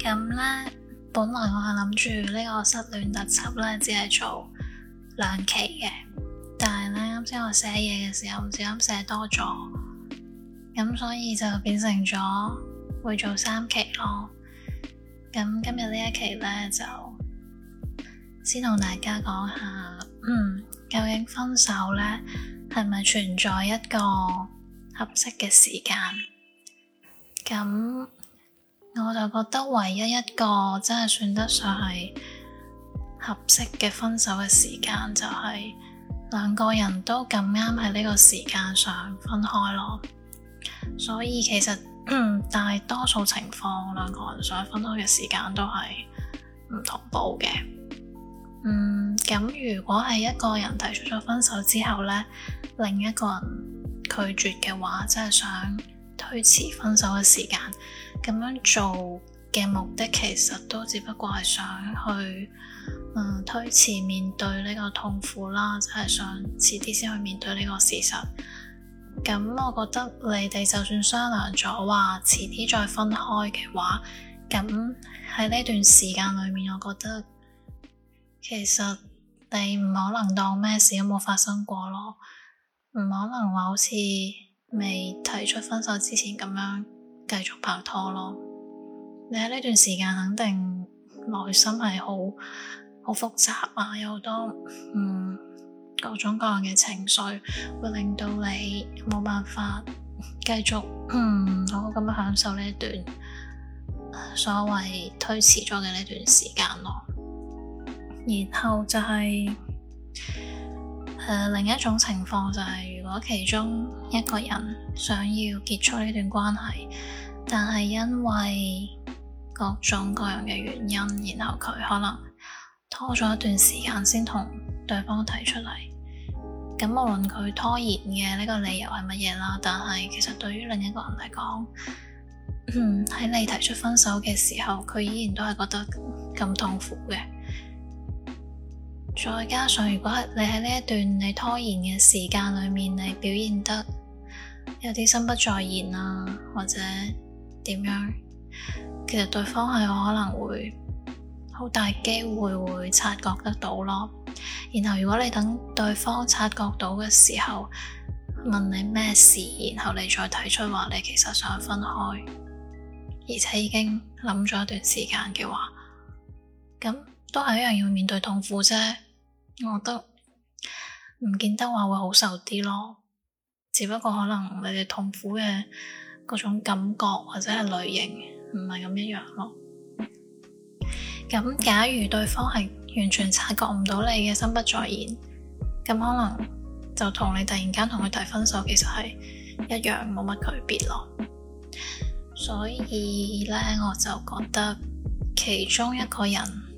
咁咧，本來我係諗住呢個失戀特輯咧，只係做兩期嘅，但係咧，啱先我寫嘢嘅時候唔小心寫多咗，咁所以就變成咗會做三期咯。咁今日呢一期咧就先同大家講下，嗯，究竟分手咧係咪存在一個合適嘅時間？咁。我就覺得唯一一個真係算得上係合適嘅分手嘅時間，就係兩個人都咁啱喺呢個時間上分開咯。所以其實，大多數情況，兩個人想分開嘅時間都係唔同步嘅。嗯，咁如果係一個人提出咗分手之後呢，另一個人拒絕嘅話，真係想推遲分手嘅時間。咁樣做嘅目的，其實都只不過係想去，嗯，推遲面對呢個痛苦啦，就係想遲啲先去面對呢個事實。咁我覺得你哋就算商量咗話遲啲再分開嘅話，咁喺呢段時間裏面，我覺得其實你唔可能當咩事都冇發生過咯，唔可能話好似未提出分手之前咁樣。繼續拍拖咯，你喺呢段時間肯定內心係好好複雜啊，有好多嗯各種各樣嘅情緒，會令到你冇辦法繼續嗯好好咁樣享受呢一段所謂推遲咗嘅呢段時間咯。然後就係、是、誒、呃、另一種情況就係、是。如果其中一個人想要結束呢段關係，但係因為各種各樣嘅原因，然後佢可能拖咗一段時間先同對,對方提出嚟，咁無論佢拖延嘅呢個理由係乜嘢啦，但係其實對於另一個人嚟講，嗯、喺你提出分手嘅時候，佢依然都係覺得咁痛苦嘅。再加上，如果你喺呢一段你拖延嘅時間裏面，你表現得有啲心不在焉啊，或者點樣，其實對方係可能會好大機會會察覺得到咯。然後如果你等對方察覺到嘅時候問你咩事，然後你再提出話你其實想分開，而且已經諗咗一段時間嘅話，咁。都係一樣要面對痛苦啫，我覺得唔見得話會好受啲咯。只不過可能你哋痛苦嘅嗰種感覺或者係類型唔係咁一樣咯。咁假如對方係完全察覺唔到你嘅心不在焉，咁可能就同你突然間同佢提分手，其實係一樣冇乜區別咯。所以咧，我就覺得其中一個人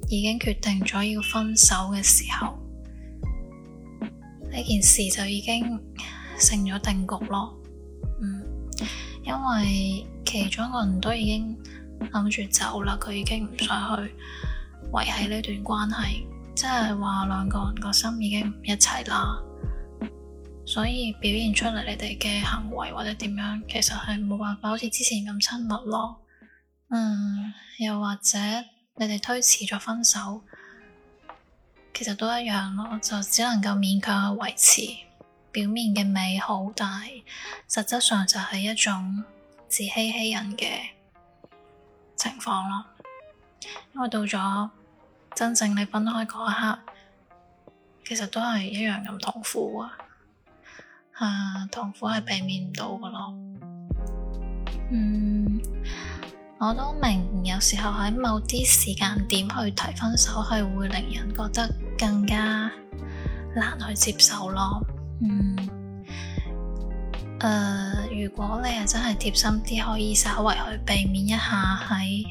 已經決定咗要分手嘅時候，呢件事就已經成咗定局咯。嗯，因為其中一個人都已經諗住走啦，佢已經唔想去維繫呢段關係，即係話兩個人個心已經唔一齊啦。所以表現出嚟你哋嘅行為或者點樣，其實係冇辦法好似之前咁親密咯。嗯，又或者。你哋推遲咗分手，其實都一樣咯，就只能夠勉強去維持表面嘅美好，但係實質上就係一種自欺欺人嘅情況咯。因為到咗真正你分開嗰一刻，其實都係一樣咁痛苦啊，啊痛苦係避免唔到㗎咯。嗯。我都明，有時候喺某啲時間點去提分手係會令人覺得更加難去接受咯。嗯，誒、呃，如果你係真係貼心啲，可以稍微去避免一下喺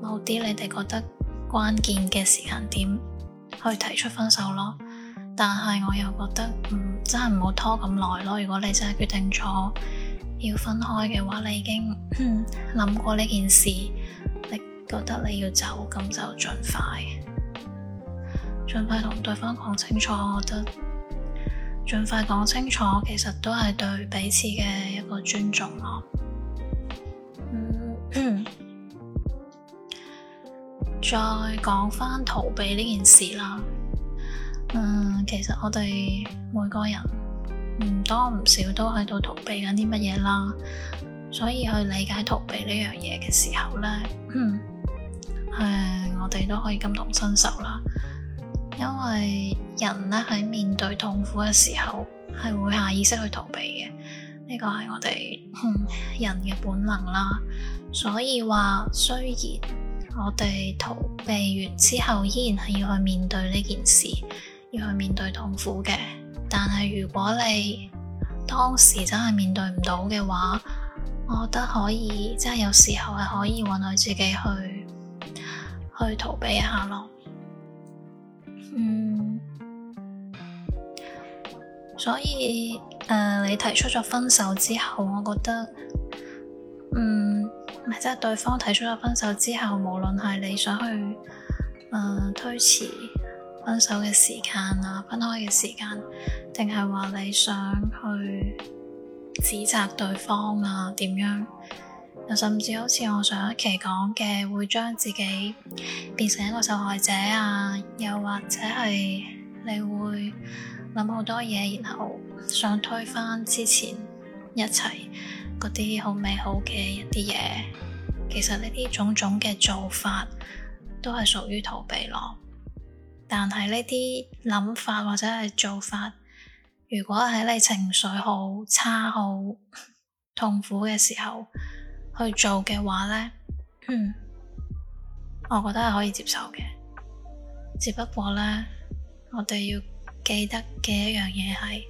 某啲你哋覺得關鍵嘅時間點去提出分手咯。但係我又覺得，嗯，真係唔好拖咁耐咯。如果你真係決定咗。要分開嘅話，你已經諗過呢件事，你覺得你要走，咁就盡快盡快同對方講清楚。我覺得盡快講清楚，其實都係對彼此嘅一個尊重咯，啊。嗯，再講返逃避呢件事啦。嗯，其實我哋每個人唔多唔少都喺度逃避緊啲乜嘢啦，所以去理解逃避呢樣嘢嘅時候咧，係我哋都可以感同身受啦。因為人咧，喺面對痛苦嘅時候係會下意識去逃避嘅，呢個係我哋人嘅本能啦。所以話，雖然我哋逃避完之後，依然係要去面對呢件事，要去面對痛苦嘅。但係如果你當時真係面對唔到嘅話，我覺得可以，真係有時候係可以允許自己去去逃避一下咯。嗯，所以誒、呃，你提出咗分手之後，我覺得，嗯，唔即係對方提出咗分手之後，無論係你想去誒、呃、推遲。分手嘅時間啊，分開嘅時間，定係話你想去指責對方啊？點樣？又甚至好似我上一期講嘅，會將自己變成一個受害者啊？又或者係你會諗好多嘢，然後想推翻之前一齊嗰啲好美好嘅一啲嘢？其實呢啲種種嘅做法，都係屬於逃避咯。但係呢啲諗法或者係做法，如果喺你情緒好差好、好痛苦嘅時候去做嘅話咧、嗯，我覺得係可以接受嘅。只不過咧，我哋要記得嘅一樣嘢係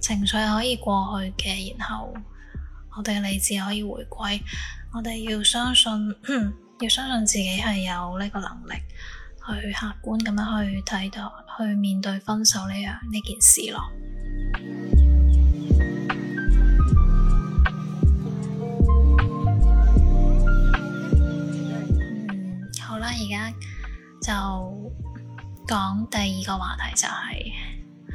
情緒可以過去嘅，然後我哋理智可以回歸。我哋要相信，要相信自己係有呢個能力。去客觀咁樣去睇到，去面對分手呢樣呢件事咯。嗯，好啦，而家就講第二個話題，就是，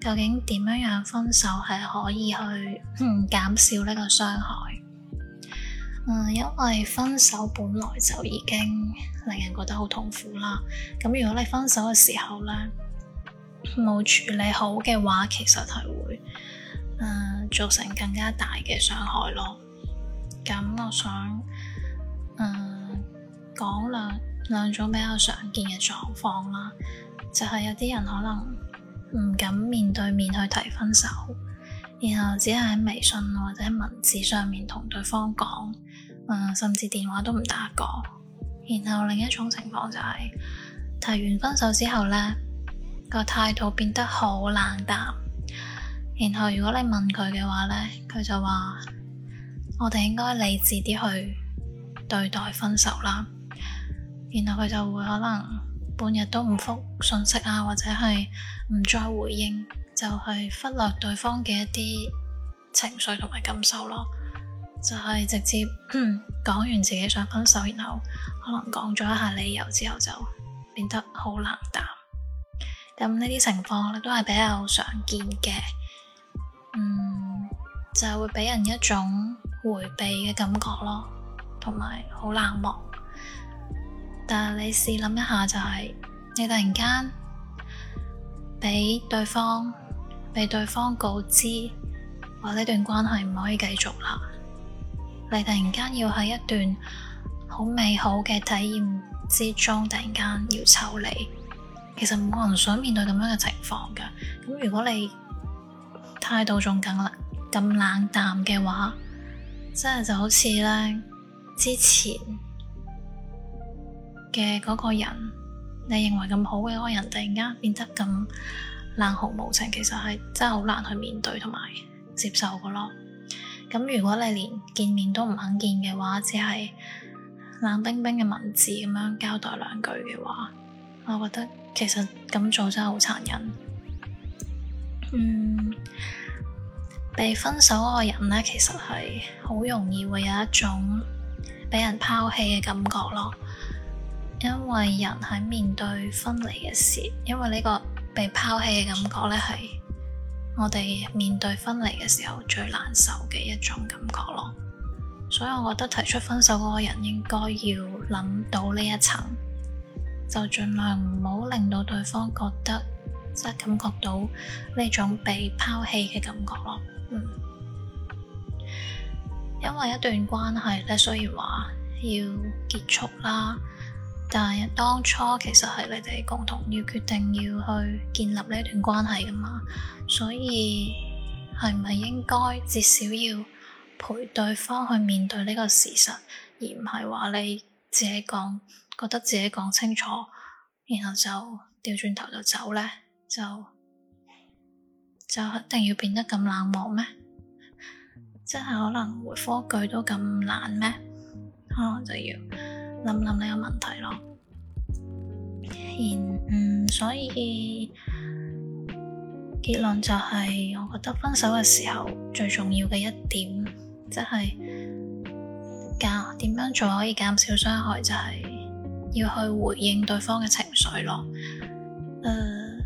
就係究竟點樣樣分手係可以去、嗯、減少呢個傷害？誒、嗯，因為分手本來就已經令人覺得好痛苦啦。咁如果你分手嘅時候呢，冇處理好嘅話，其實係會誒、呃、造成更加大嘅傷害咯。咁我想誒講、呃、兩兩種比較常見嘅狀況啦，就係、是、有啲人可能唔敢面對面去提分手。然後只係喺微信或者文字上面同對方講，誒、呃，甚至電話都唔打過。然後另一種情況就係、是、提完分手之後呢，個態度變得好冷淡。然後如果你問佢嘅話呢，佢就話我哋應該理智啲去對待分手啦。然後佢就會可能半日都唔覆信息啊，或者係唔再回應。就係忽略對方嘅一啲情緒同埋感受咯，就係、嗯、直接講完自己想分手，然後可能講咗一下理由之後就變得好冷淡。咁呢啲情況都係比較常見嘅，嗯，就係會俾人一種回避嘅感覺咯，同埋好冷漠。但係你試諗一下、就係，就係你突然間畀對方。被對方告知話呢段關係唔可以繼續啦，你突然間要喺一段好美好嘅體驗之中，突然間要抽離，其實冇人想面對咁樣嘅情況噶。咁如果你態度仲更冷咁冷咁冷淡嘅話，真係就好似咧之前嘅嗰個人，你認為咁好嘅嗰個人，突然間變得咁，冷酷無情，其實係真係好難去面對同埋接受噶咯。咁如果你連見面都唔肯見嘅話，只係冷冰冰嘅文字咁樣交代兩句嘅話，我覺得其實咁做真係好殘忍。嗯，被分手嗰個人咧，其實係好容易會有一種俾人拋棄嘅感覺咯。因為人喺面對分離嘅時，因為呢、呢個。被拋棄嘅感覺咧，係我哋面對分離嘅時候最難受嘅一種感覺咯。所以我覺得提出分手嗰個人應該要諗到呢一層，就盡量唔好令到對方覺得真係、就是、感覺到呢種被拋棄嘅感覺咯。嗯，因為一段關係咧，雖然話要結束啦。但係當初其實係你哋共同要決定要去建立呢段關係噶嘛，所以係唔係應該至少要陪對方去面對呢個事實，而唔係話你自己講覺得自己講清楚，然後就掉轉頭就走咧，就就一定要變得咁冷漠咩？即係可能回覆一句都咁難咩？可能就要。諗諗你嘅問題咯，然，嗯，所以結論就係，我覺得分手嘅時候最重要嘅一點，即係點樣做可以減少傷害，就係要去回應對方嘅情緒咯。誒、呃，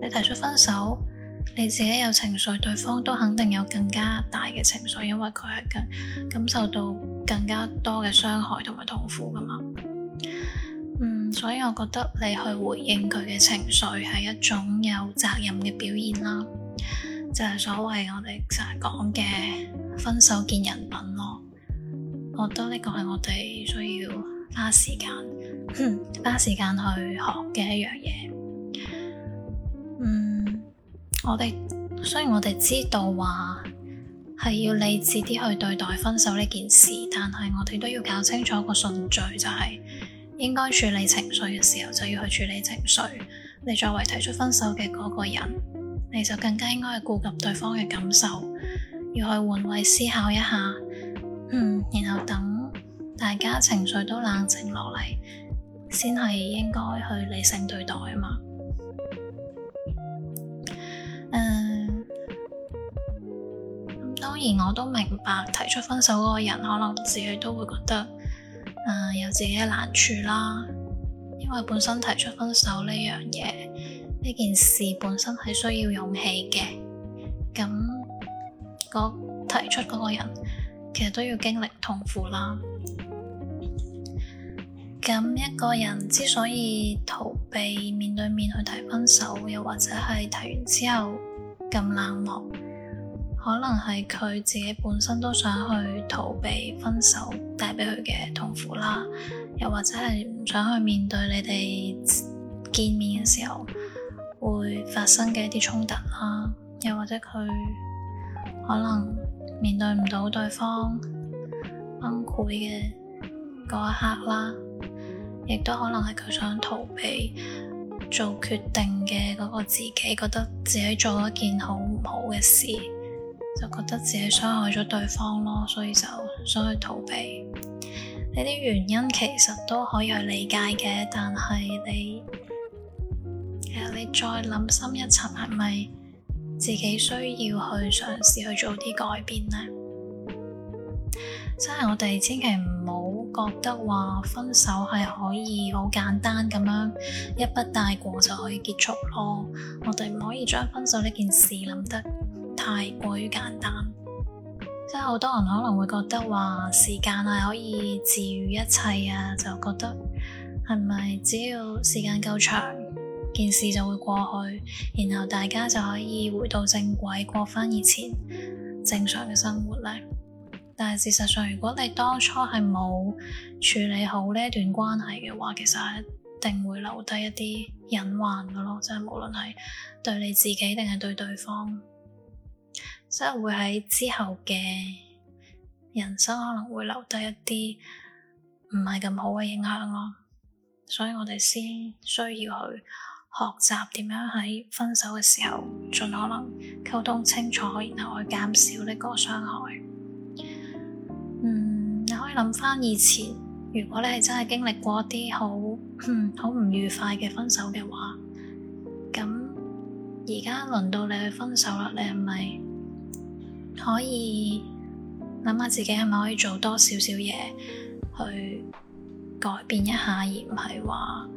你提出分手。你自己有情緒，對方都肯定有更加大嘅情緒，因為佢係感感受到更加多嘅傷害同埋痛苦噶嘛。嗯，所以我覺得你去回應佢嘅情緒係一種有責任嘅表現啦，就係所謂我哋成日講嘅分手見人品咯。我覺得呢個係我哋需要花時間，哼花時間去學嘅一樣嘢。嗯。我哋雖然我哋知道話係要理智啲去對待分手呢件事，但係我哋都要搞清楚一個順序，就係應該處理情緒嘅時候就要去處理情緒。你作為提出分手嘅嗰個人，你就更加應該係顧及對方嘅感受，要去換位思考一下，嗯，然後等大家情緒都冷靜落嚟，先係應該去理性對待啊嘛。誒，uh, 當然我都明白，提出分手嗰個人可能自己都會覺得誒，uh, 有自己嘅難處啦。因為本身提出分手呢樣嘢呢件事本身係需要勇氣嘅，咁個提出嗰個人其實都要經歷痛苦啦。咁一個人之所以逃避面對面去提分手，又或者係提完之後咁冷漠，可能係佢自己本身都想去逃避分手帶畀佢嘅痛苦啦，又或者係唔想去面對你哋見面嘅時候會發生嘅一啲衝突啦，又或者佢可能面對唔到對方崩潰嘅嗰一刻啦。亦都可能係佢想逃避做決定嘅嗰個自己，覺得自己做咗件好唔好嘅事，就覺得自己傷害咗對方咯，所以就想去逃避呢啲原因，其實都可以去理解嘅。但係你，其實，啊，你再諗深一層，係咪自己需要去嘗試去做啲改變呢？真係我哋千祈唔好。覺得話分手係可以好簡單咁樣一筆帶過就可以結束咯。我哋唔可以將分手呢件事諗得太過於簡單，即係好多人可能會覺得話時間係、啊、可以治愈一切啊，就覺得係咪只要時間夠長，件事就會過去，然後大家就可以回到正軌，過翻以前正常嘅生活咧？但係事實上，如果你當初係冇處理好呢段關係嘅話，其實一定會留低一啲隱患㗎咯，即係無論係對你自己定係對對方，即係會喺之後嘅人生可能會留低一啲唔係咁好嘅影響咯。所以我哋先需要去學習點樣喺分手嘅時候盡可能溝通清楚，然後去減少呢個傷害。諗翻以前，如果你係真係經歷過啲好唔愉快嘅分手嘅話，咁而家輪到你去分手啦，你係咪可以諗下自己係咪可以做多少少嘢，去改變一下，而唔係話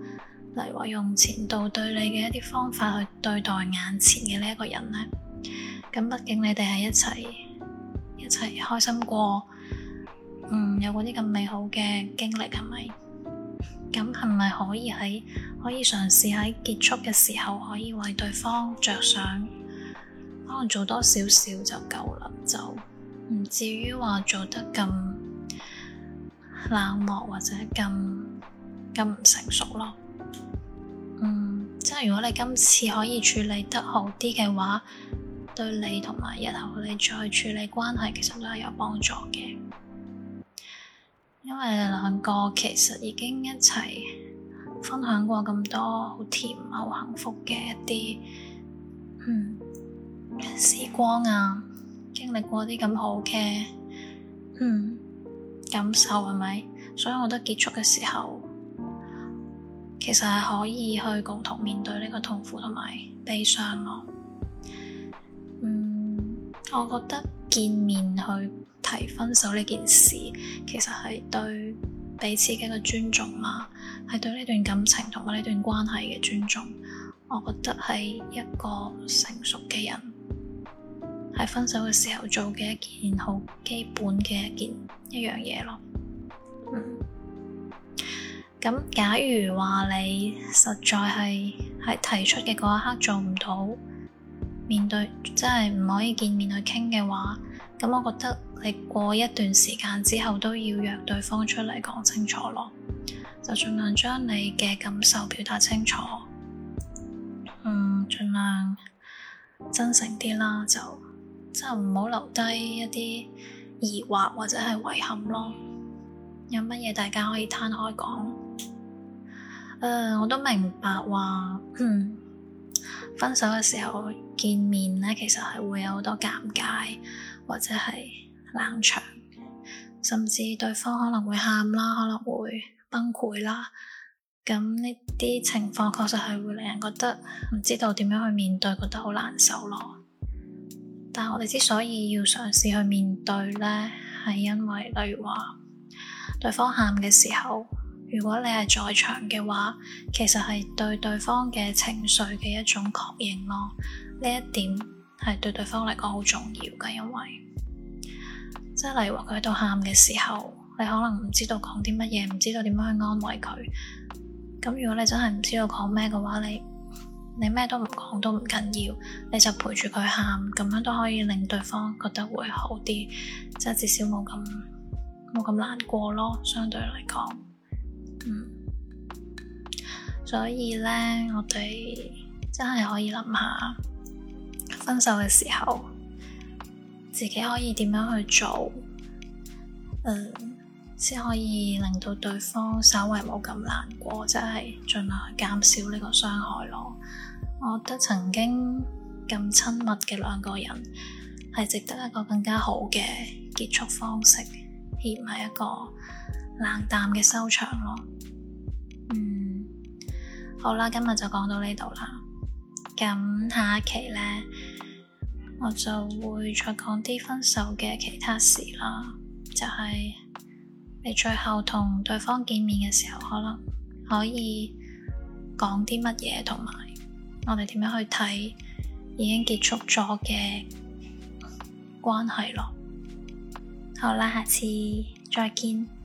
例如話用前度對你嘅一啲方法去對待眼前嘅呢一個人呢？咁畢竟你哋係一齊一齊開心過。嗯，有嗰啲咁美好嘅經歷係咪？咁係咪可以喺可以嘗試喺結束嘅時候，可以為對方着想，可能做多少少就夠啦，就唔至於話做得咁冷漠或者咁咁唔成熟咯。嗯，即係如果你今次可以處理得好啲嘅話，對你同埋日後你再處理關係，其實都係有幫助嘅。因為你哋兩個其實已經一齊分享過咁多好甜好幸福嘅一啲嗯時光啊，經歷過啲咁好嘅嗯感受係咪？所以我覺得結束嘅時候，其實係可以去共同面對呢個痛苦同埋悲傷咯。嗯，我覺得見面去。提分手呢件事，其實係對彼此嘅一個尊重啦，啊，係對呢段感情同埋呢段關係嘅尊重。我覺得係一個成熟嘅人係分手嘅時候做嘅一件好基本嘅一件一樣嘢咯。嗯，咁假如話你實在係喺提出嘅嗰一刻做唔到，面對即係唔可以見面去傾嘅話，咁我覺得。你過一段時間之後都要約對方出嚟講清楚咯，就盡量將你嘅感受表達清楚。嗯，盡量真誠啲啦，就即係唔好留低一啲疑惑或者係遺憾咯。有乜嘢大家可以攤開講？誒、呃，我都明白話，嗯，分手嘅時候見面咧，其實係會有好多尷尬或者係。冷場，甚至對方可能會喊啦，可能會崩潰啦。咁呢啲情況確實係會令人覺得唔知道點樣去面對，覺得好難受咯。但我哋之所以要嘗試去面對呢，係因為例如話對方喊嘅時候，如果你係在場嘅話，其實係對對方嘅情緒嘅一種確認咯。呢一點係對對方嚟講好重要㗎，因為。即係例如話佢喺度喊嘅時候，你可能唔知道講啲乜嘢，唔知道點樣去安慰佢。咁如果你真係唔知道講咩嘅話，你你咩都唔講都唔緊要，你就陪住佢喊，咁樣都可以令對方覺得會好啲，即係至少冇咁冇咁難過咯。相對嚟講，嗯，所以咧，我哋真係可以諗下分手嘅時候。自己可以點樣去做，嗯，先可以令到對方稍微冇咁難過，即係盡量去減少呢個傷害咯。我覺得曾經咁親密嘅兩個人，係值得一個更加好嘅結束方式，而唔係一個冷淡嘅收場咯。嗯，好啦，今日就講到呢度啦。咁下一期咧。我就會再講啲分手嘅其他事啦，就係你最後同對方見面嘅時候，可能可以講啲乜嘢，同埋我哋點樣去睇已經結束咗嘅關係咯。好啦，下次再見。